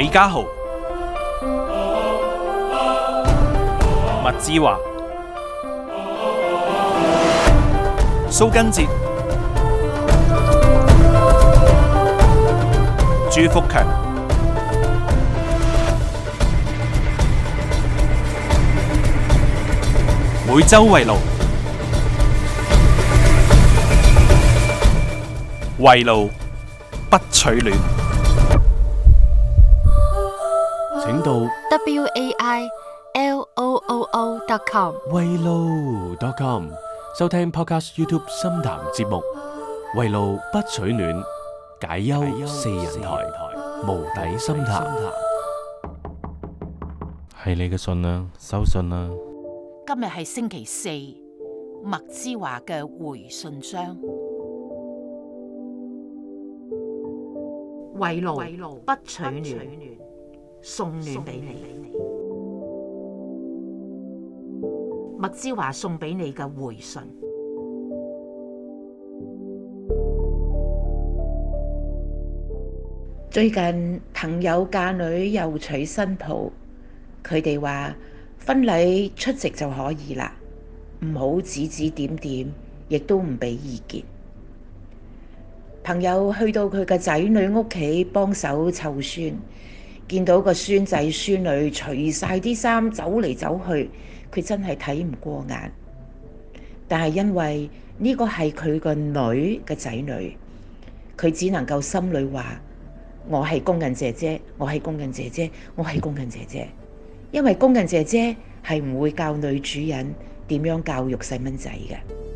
李家豪、麥之華、蘇根哲、朱福強，每周為路，為路不取暖。請到 wailoo.com，wailoo.com 收聽 Podcast YouTube 深談節目《圍爐不取暖，解憂四人台》無底深談。係你嘅信啊，收信啦！今日係星期四，麥之華嘅回信箱。圍爐不取暖。送亂俾你，麥之華送俾你嘅回信。最近朋友嫁女又娶新抱，佢哋話婚禮出席就可以啦，唔好指指點點，亦都唔俾意見。朋友去到佢嘅仔女屋企幫手湊孫。見到個孫仔孫女除晒啲衫走嚟走去，佢真係睇唔過眼。但係因為呢個係佢個女嘅仔女，佢只能夠心裏話：我係工人姐姐，我係工人姐姐，我係工人姐姐。因為工人姐姐係唔會教女主人點樣教育細蚊仔嘅。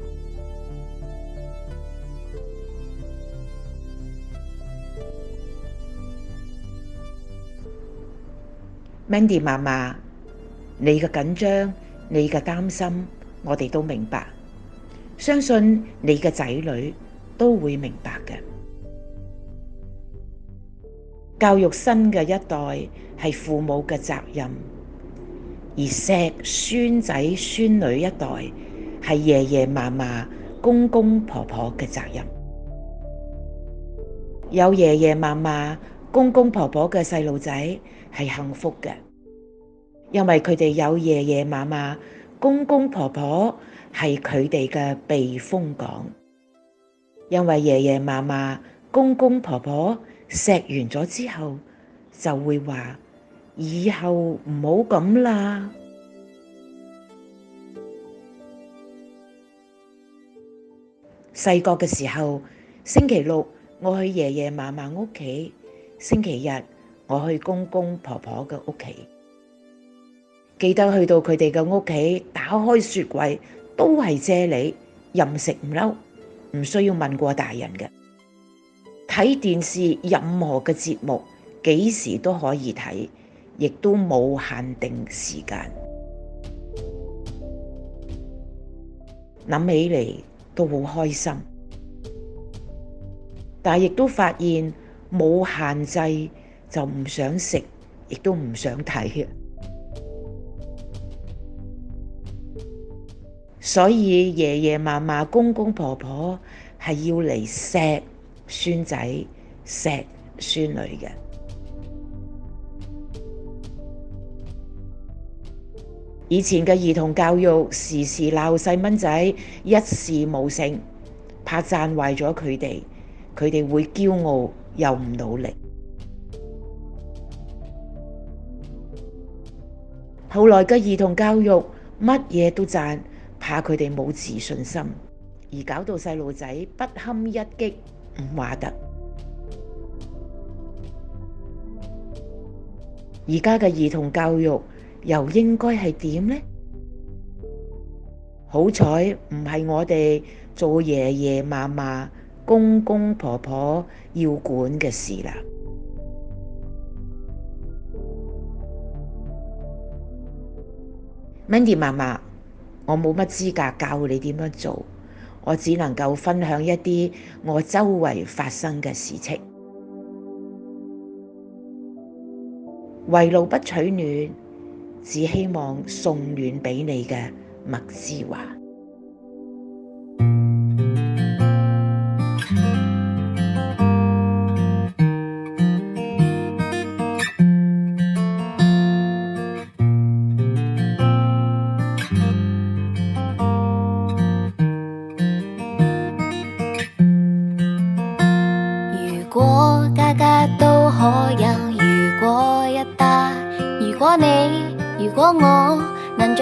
Mandy 嫲嫲，你嘅緊張，你嘅擔心，我哋都明白。相信你嘅仔女都會明白嘅。教育新嘅一代係父母嘅責任，而錫孫仔孫女一代係爺爺嫲嫲、公公婆婆嘅責任。有爺爺嫲嫲。公公婆婆嘅細路仔係幸福嘅，因為佢哋有爺爺嫲嫲，公公婆婆係佢哋嘅避風港。因為爺爺嫲嫲、公公婆婆錫完咗之後，就會話以後唔好咁啦。細個嘅時候，星期六我去爺爺嫲嫲屋企。星期日我去公公婆婆嘅屋企，記得去到佢哋嘅屋企，打開雪櫃都係啫喱，任食唔嬲，唔需要問過大人嘅。睇電視任何嘅節目，幾時都可以睇，亦都冇限定時間。諗起嚟都好開心，但係亦都發現。冇限制就唔想食，亦都唔想睇。所以爺爺嫲嫲、公公婆婆係婆要嚟錫孫仔、錫孫，子孫女嘅。以前嘅兒童教育時時鬧細蚊仔，一事無成，怕讚壞咗佢哋，佢哋會驕傲。又唔努力，後來嘅兒童教育乜嘢都讚，怕佢哋冇自信心，而搞到細路仔不堪一擊，唔話得。而家嘅兒童教育又應該係點呢？好彩唔係我哋做爺爺嫲嫲、公公婆婆要管嘅事啦，Mandy 嫲嫲，我冇乜資格教你點樣做，我只能夠分享一啲我周圍發生嘅事情，圍爐不取暖，只希望送暖俾你嘅麥之華。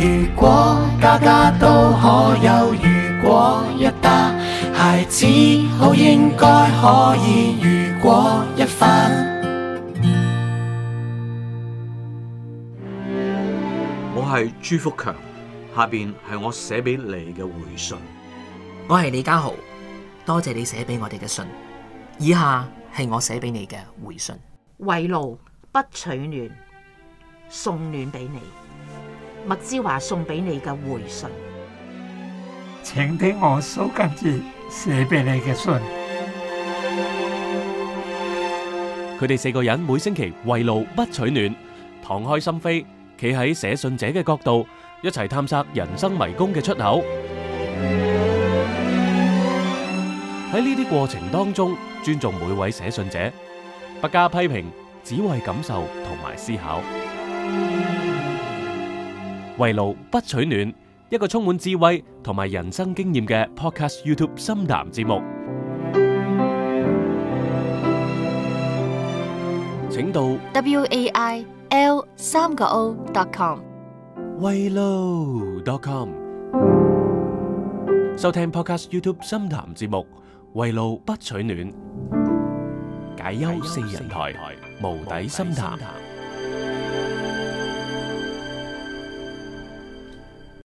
如果家家都可有好應該可以，如果一番，我係朱福強，下邊係我寫俾你嘅回信。我係李家豪，多謝你寫俾我哋嘅信，以下係我寫俾你嘅回信。為勞不取暖，送暖俾你。麥之華送俾你嘅回信，請聽我蘇根治寫俾你嘅信。佢哋四個人每星期為路不取暖，敞開心扉，企喺寫信者嘅角度，一齊探索人生迷宮嘅出口。喺呢啲過程當中，尊重每位寫信者，不加批評，只為感受同埋思考。圍爐不取暖，一個充滿智慧同埋人生經驗嘅 Podcast YouTube 深談節目，請到 wail 三個 o.com 圍爐 .com 收聽 Podcast YouTube 深談節目，圍爐不取暖，解憂四人台，無底深談。